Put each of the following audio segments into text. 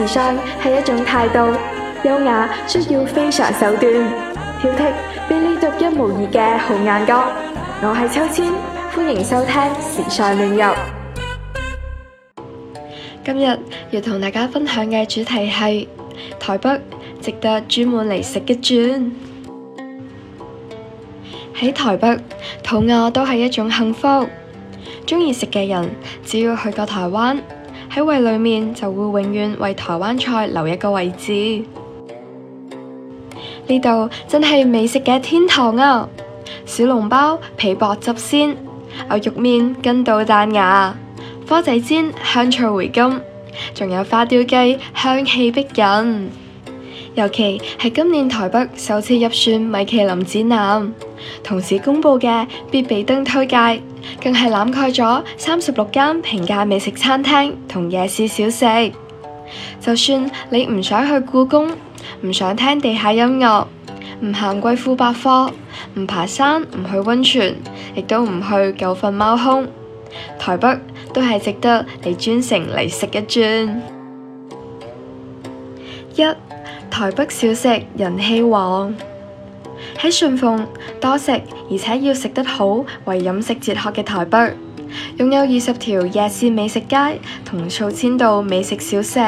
時尚係一種態度，優雅需要非常手段，挑剔，俾你獨一無二嘅好眼光。我係秋千，歡迎收聽時尚亂入。今日要同大家分享嘅主題係台北值得專門嚟食一轉。喺台北，肚餓都係一種幸福。鍾意食嘅人，只要去過台灣，喺胃裏面就會永遠為台灣菜留一個位置。呢度真係美食嘅天堂啊！小籠包皮薄汁鮮，牛肉麵筋道彈牙，蚵仔煎香脆回甘，仲有花雕雞香氣逼人。尤其係今年台北首次入選米其林指南。同時公布嘅必比登推介，更係攬蓋咗三十六間平價美食餐廳同夜市小食。就算你唔想去故宮，唔想聽地下音樂，唔行貴婦百貨，唔爬山，唔去温泉，亦都唔去九份貓空，台北都係值得你專程嚟食一轉。一台北小食人氣旺。喺信奉多食，而且要食得好，為飲食哲學嘅台北，擁有二十條夜市美食街同數千道美食小食，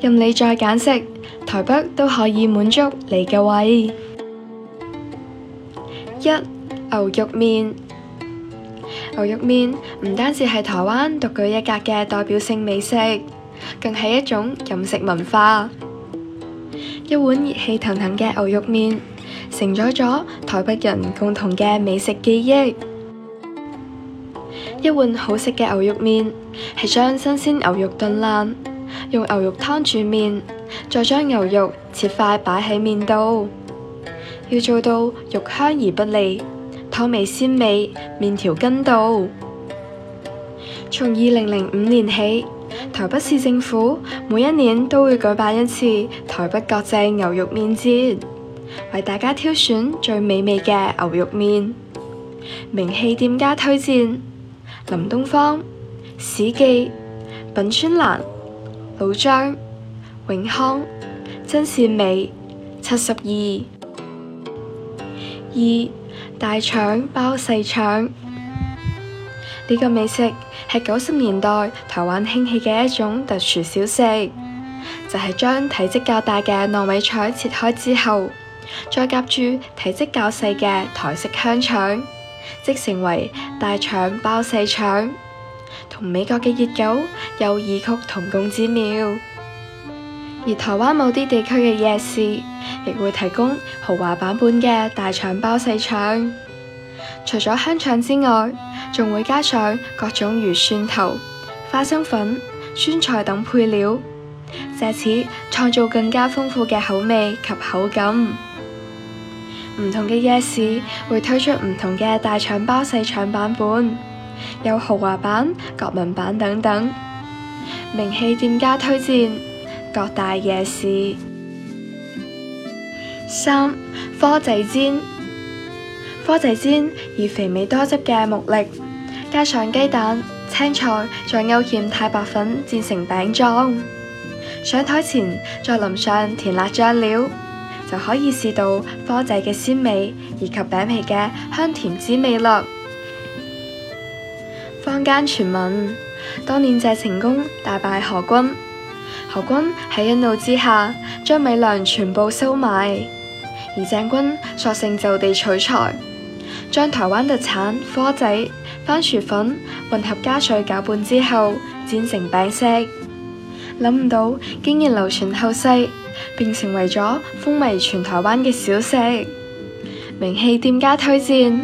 任你再揀食，台北都可以滿足你嘅胃。一、牛肉麵。牛肉麵唔單止係台灣獨具一格嘅代表性美食，更係一種飲食文化。一碗熱氣騰騰嘅牛肉麵，承載住台北人共同嘅美食記憶。一碗好食嘅牛肉麵，係將新鮮牛肉燉爛，用牛肉湯煮麵，再將牛肉切塊擺喺麵度，要做到肉香而不膩，湯味鮮美，麵條筋道。從二零零五年起，台北市政府每一年都會舉辦一次台北國際牛肉麵節。為大家挑選最美味嘅牛肉麵，名氣店家推薦：林東方、史記、品川蘭、老張、永康、真善美、七十二、二、大腸包細腸。呢、這個美食係九十年代台灣興起嘅一種特殊小食，就係、是、將體積較大嘅糯米腸切開之後。再夾住體積較細嘅台式香腸，即成為大腸包細腸，同美國嘅熱狗有異曲同工之妙。而台灣某啲地區嘅夜市亦會提供豪華版本嘅大腸包細腸，除咗香腸之外，仲會加上各種如蒜頭、花生粉、酸菜等配料，借此創造更加豐富嘅口味及口感。唔同嘅夜市會推出唔同嘅大腸包細腸版本，有豪華版、國民版等等。名氣店家推薦各大夜市。三、蚵仔煎，蚵仔煎以肥美多汁嘅牡蠣，加上雞蛋、青菜，再勾芡太白粉，煎成餅狀。上台前再淋上甜辣醬料。就可以試到蚵仔嘅鮮味，以及餅皮嘅香甜滋味啦。坊間傳聞，當年鄭成功大敗荷軍，荷軍喺一怒之下將米糧全部收埋，而鄭軍索性就地取材，將台灣特產蚵仔、番薯粉混合加水攪拌之後，煎成餅食。諗唔到竟然流傳後世。並成為咗風靡全台灣嘅小食。名氣店家推薦：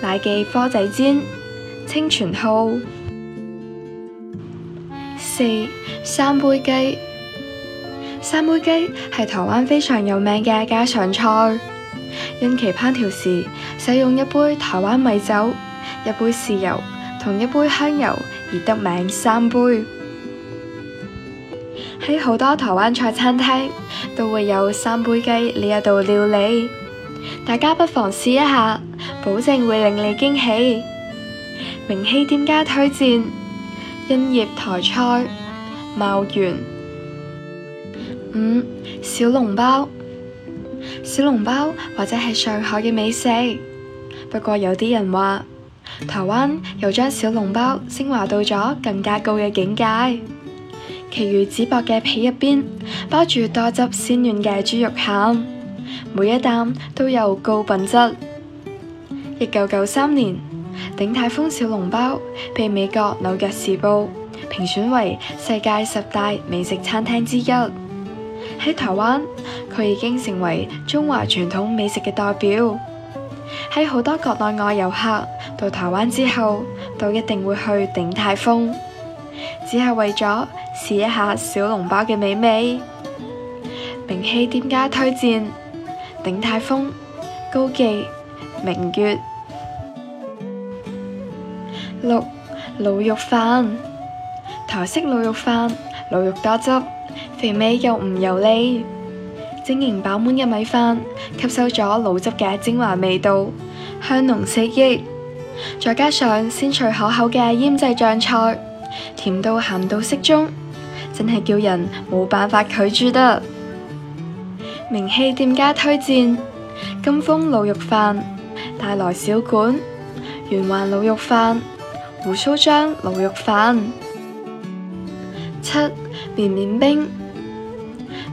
奶記蚵仔煎、清泉號、四、三杯雞。三杯雞係台灣非常有名嘅家常菜，因其烹調時使用一杯台灣米酒、一杯豉油同一杯香油而得名三杯。喺好多台灣菜餐廳都會有三杯雞呢一道料理，大家不妨試一下，保證會令你驚喜。名氣店家推薦：欣葉台菜、茂園。五、小籠包，小籠包或者係上海嘅美食，不過有啲人話台灣又將小籠包升華到咗更加高嘅境界。其餘紫薄嘅皮入邊包住多汁鮮嫩嘅豬肉餡，每一啖都有高品質。一九九三年，鼎泰豐小籠包被美國《紐約時報》評選為世界十大美食餐廳之一。喺台灣，佢已經成為中華傳統美食嘅代表。喺好多國內外遊客到台灣之後，都一定會去鼎泰豐。只係為咗試一下小籠包嘅美味，名氣店家推薦：鼎泰豐、高記、明月。六、鹵肉飯，台式鹵肉飯，鹵肉多汁，肥美又唔油膩，晶瑩飽滿嘅米飯吸收咗鹵汁嘅精華味道，香濃四溢，再加上鮮脆可口嘅醃製醬菜。甜到鹹到適中，真係叫人冇辦法拒絕得。名氣店家推薦：金峰滷肉飯、大來小館、圓環滷肉飯、鬍鬚張滷肉飯。七、綿綿冰，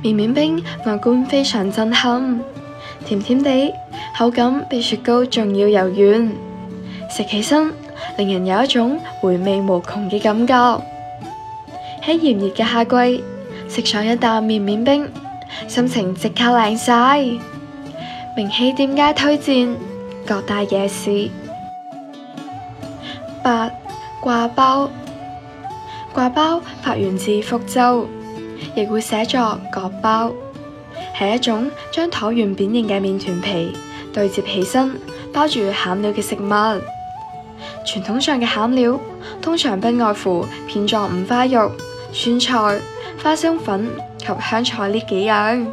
綿綿冰外觀非常震撼，甜甜地，口感比雪糕仲要柔軟，食起身。令人有一種回味無窮嘅感覺。喺炎熱嘅夏季，食上一啖綿綿冰，心情即刻涼曬。名氣店家推薦各大夜市。八掛包，掛包發源自福州，亦會寫作角包，係一種將橢圓扁形嘅麵團皮對摺起身，包住餡料嘅食物。傳統上嘅餡料通常不外乎片狀五花肉、酸菜、花生粉及香菜呢幾樣，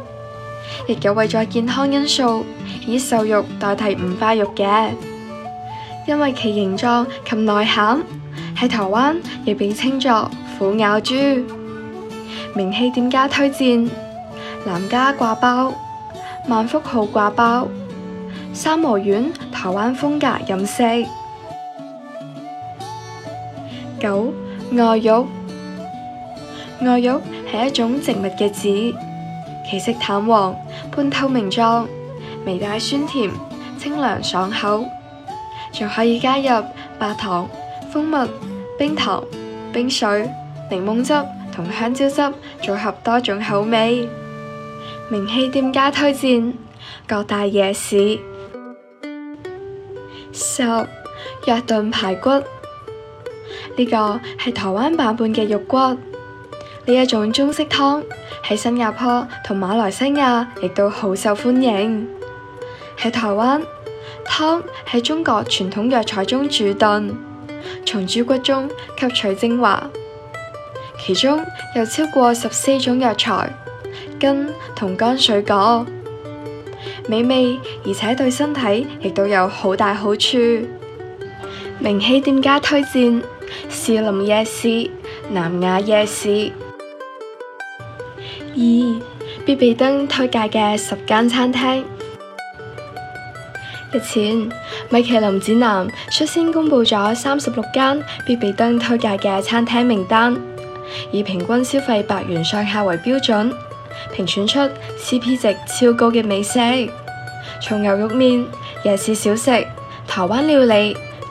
亦有為咗健康因素以瘦肉代替五花肉嘅。因為其形狀及內餡，喺台灣亦被稱作虎咬豬。名氣店家推薦：南家掛包、萬福號掛包、三和苑、台灣風格飲食。九、愛玉，愛玉係一種植物嘅籽，其色淡黃，半透明狀，微帶酸甜，清涼爽口，仲可以加入白糖、蜂蜜、冰糖、冰水、檸檬汁同香蕉汁，組合多種口味。名氣店家推薦，各大夜市。十、藥燉排骨。呢個係台灣版本嘅肉骨，呢一種中式湯喺新加坡同馬來西亞亦都好受歡迎。喺台灣，湯喺中國傳統藥材中煮燉，從豬骨中吸取精華，其中有超過十四種藥材、根同乾水果，美味而且對身體亦都有好大好處。名氣店家推薦。士林夜市、南雅夜市。二，必比登推介嘅十間餐廳。日前，米其林指南率先公布咗三十六間必比登推介嘅餐廳名單，以平均消費百元上下為標準，評選出 CP 值超高嘅美食，從牛肉麵、夜市小食、台灣料理。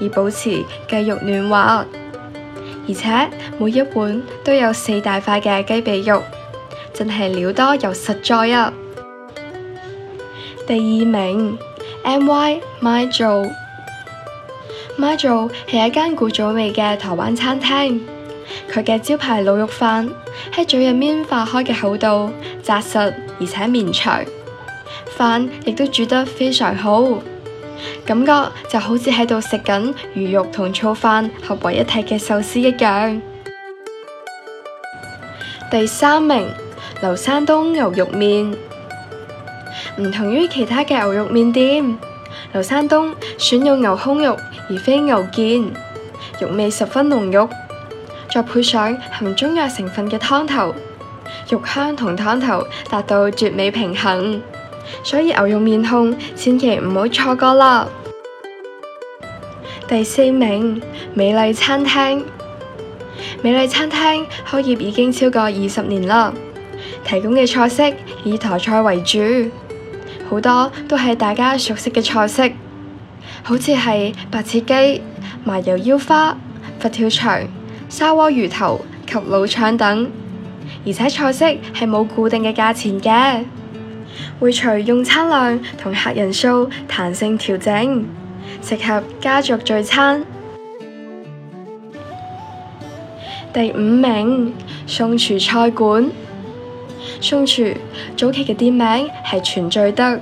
以保持雞肉嫩滑，而且每一碗都有四大塊嘅雞髀肉，真係料多又實在啊！第二名，M Y My Joe，My Joe 係 Joe 一間古早味嘅台灣餐廳，佢嘅招牌魯肉飯喺嘴入面化開嘅厚度紮實，而且綿長，飯亦都煮得非常好。感覺就好似喺度食緊魚肉同醋飯合為一體嘅壽司一樣。第三名，劉山東牛肉麵，唔同於其他嘅牛肉麵店，劉山東選用牛胸肉而非牛腱，肉味十分濃郁，再配上含中藥成分嘅湯頭，肉香同湯頭達到絕美平衡，所以牛肉麵控千祈唔好錯過啦！第四名，美麗餐廳，美麗餐廳開業已經超過二十年啦，提供嘅菜式以台菜為主，好多都係大家熟悉嘅菜式，好似係白切雞、麻油腰花、佛跳牆、砂鍋魚頭及滷腸等。而且菜式係冇固定嘅價錢嘅，會隨用餐量同客人數彈性調整。適合家族聚餐。第五名，宋廚菜館。宋廚早期嘅店名係全聚德，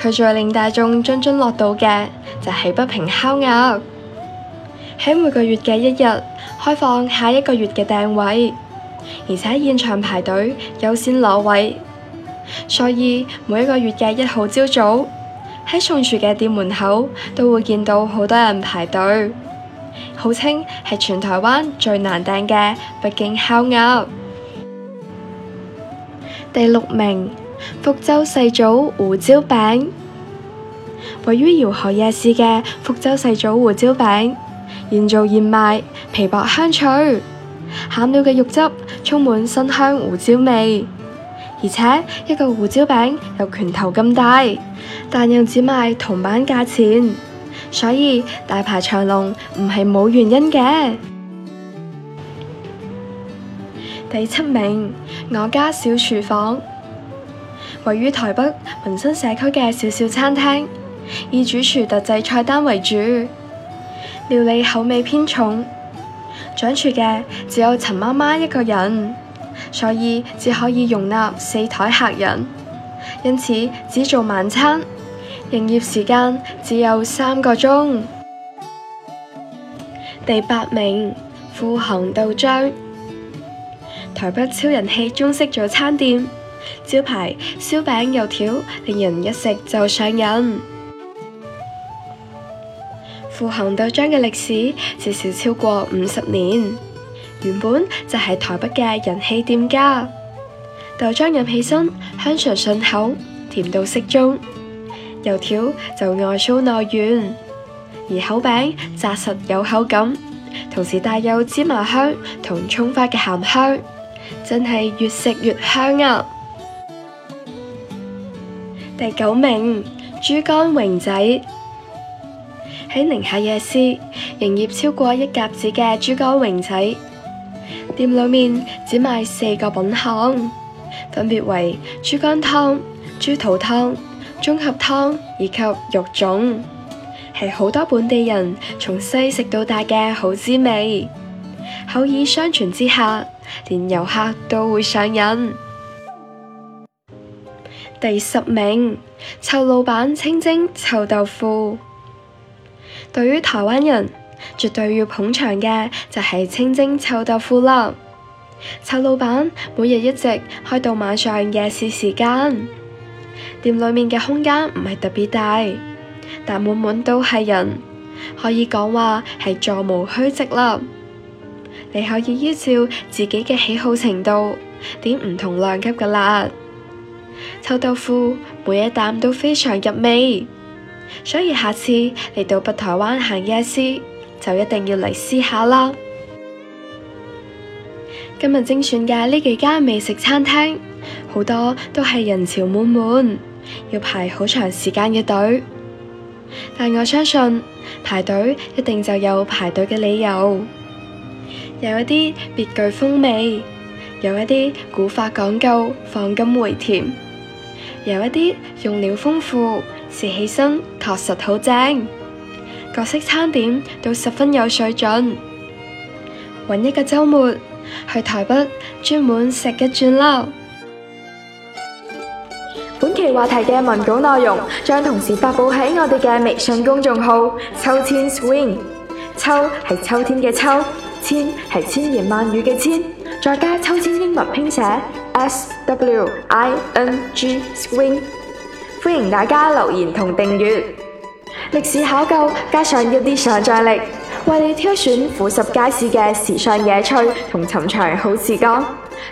佢最令大眾津津樂道嘅就係、是、北平烤鴨。喺每個月嘅一日開放下一個月嘅訂位，而且現場排隊優先攞位，所以每一個月嘅一號朝早。喺宋廚嘅店門口都會見到好多人排隊，號稱係全台灣最難訂嘅北京烤鴨。第六名，福州世祖胡椒餅。位於饒河夜市嘅福州世祖胡椒餅，現做現賣，皮薄香脆，餡料嘅肉汁充滿鮮香胡椒味。而且一個胡椒餅有拳頭咁大，但又只賣銅板價錢，所以大排長龍唔係冇原因嘅。第七名，我家小廚房，位於台北民生社區嘅小小餐廳，以主廚特製菜單為主，料理口味偏重，掌廚嘅只有陳媽媽一個人。所以只可以容納四枱客人，因此只做晚餐，營業時間只有三個鐘。第八名，阜杭豆漿，台北超人氣中式早餐店，招牌燒餅油條，令人一食就上癮。阜杭豆漿嘅歷史至少超過五十年。原本就係台北嘅人氣店家，豆漿飲起身香醇順口，甜度適中；油條就外酥內軟，而口餅紮實有口感，同時帶有芝麻香同葱花嘅鹹香，真係越食越香啊！第九名，豬肝榮仔，喺寧夏夜市營業超過一甲子嘅豬肝榮仔。店裏面只賣四個品項，分別為豬肝湯、豬肚湯、綜合湯以及肉粽，係好多本地人從細食到大嘅好滋味。口耳相傳之下，連遊客都會上癮。 第十名，臭老闆清蒸臭豆腐。對於台灣人。絕對要捧場嘅就係清蒸臭豆腐啦！臭老闆每日一直開到晚上夜市時間，店裏面嘅空間唔係特別大，但滿滿都係人，可以講話係座無虛席啦。你可以依照自己嘅喜好程度點唔同量級嘅辣臭豆腐，每一啖都非常入味，所以下次嚟到北台灣行夜市。就一定要嚟試下啦！今日精選嘅呢幾間美食餐廳，好多都係人潮滿滿，要排好長時間嘅隊。但我相信，排隊一定就有排隊嘅理由。有一啲別具風味，有一啲古法講究，放甘回甜，有一啲用料豐富，食起身確實好正。各式餐點都十分有水準，搵一個周末去台北專門食一轉啦！本期話題嘅文稿內容將同時發佈喺我哋嘅微信公眾號“秋千 swing”，秋係秋天嘅秋，千係千言萬語嘅千。再加秋千英文拼寫 S W I N G swing，歡迎大家留言同訂閱。歷史考究加上一啲想象力，為你挑選俯拾街市嘅時尚野趣同尋常好時光。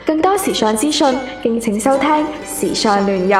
更多時尚資訊，敬請收聽《時尚亂入》。